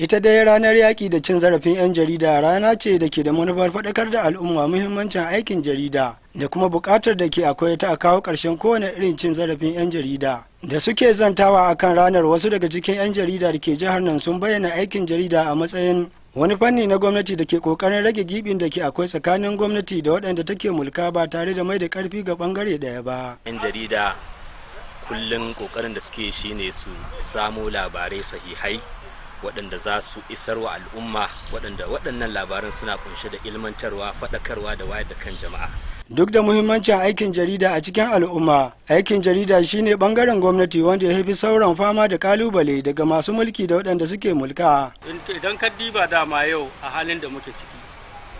ita dai ranar yaki da cin zarafin 'yan jarida rana ce da ke da manufar faɗakar da al'umma muhimmancin aikin jarida da kuma buƙatar da ke akwai ta a kawo ƙarshen kowane irin cin zarafin 'yan jarida da suke zantawa akan ranar wasu daga cikin 'yan jarida da ke jihar nan sun bayyana aikin jarida a matsayin wani fanni na gwamnati da ke kokarin rage gibin da ke akwai tsakanin gwamnati da waɗanda take mulka ba tare da mai da ƙarfi ga ɓangare ɗaya ba. 'yan jarida kullum ƙoƙarin da suke shine su samo labarai sahihai waɗanda za su isar wa al'umma waɗanda waɗannan labaran suna kunshe da ilmantarwa faɗakarwa da wayar da kan jama'a duk da muhimmancin aikin jarida a cikin al'umma aikin jarida shine bangaren gwamnati wanda ya fi sauran fama da kalubale daga masu mulki da waɗanda suke mulka idan ka diba dama yau a halin da muke ciki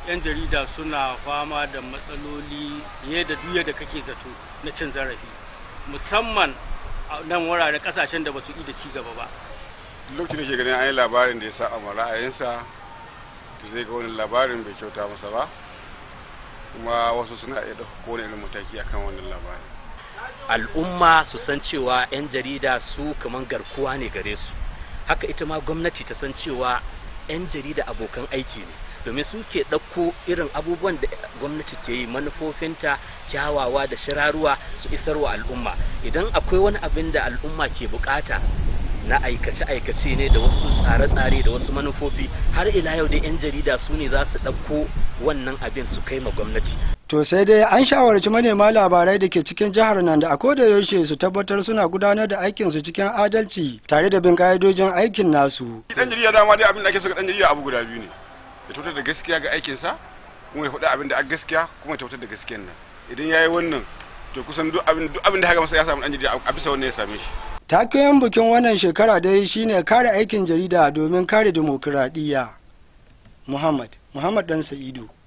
yan jarida suna fama da matsaloli ne da duya da kake zato na cin zarafi musamman nan wuraren kasashen da ba su da ci gaba ba lokacin da ke ganin an yi labarin da ya sa a ra'ayinsa da zai ga wani labarin bai kyauta masa ba kuma wasu suna iya ɗauka kowane irin mataki akan wannan labarin al'umma su san cewa 'yan jarida su kamar garkuwa ne gare su haka ita ma gwamnati ta san cewa 'yan jarida abokan aiki ne domin su ke ɗauko irin abubuwan da gwamnati ke yi manufofinta kyawawa da shiraruwa su isarwa al'umma idan akwai wani abin da al'umma ke bukata na aikace-aikace ne da wasu tsare-tsare da wasu manufofi har ila yau da 'yan jarida su ne za su ɗauko wannan abin su kai ma gwamnati. To sai dai an shawarci manema labarai da ke cikin jihar nan da a koda yaushe su tabbatar suna gudanar da aikin su cikin adalci tare da bin ka'idojin aikin nasu. Dan jarida dama dai abin da ake so dan jarida abu guda biyu ne. Ya tautar da gaskiya ga aikinsa kuma ya faɗa abin da a gaskiya kuma ya tautar da gaskiyan nan. Idan ya yi wannan to kusan duk abin da haka masa ya samu dan jarida a bisa wannan ya same shi. taken bikin wannan shekara dai shine kare aikin jarida domin kare dimokuraɗiyya muhammad muhammad dan sa'idu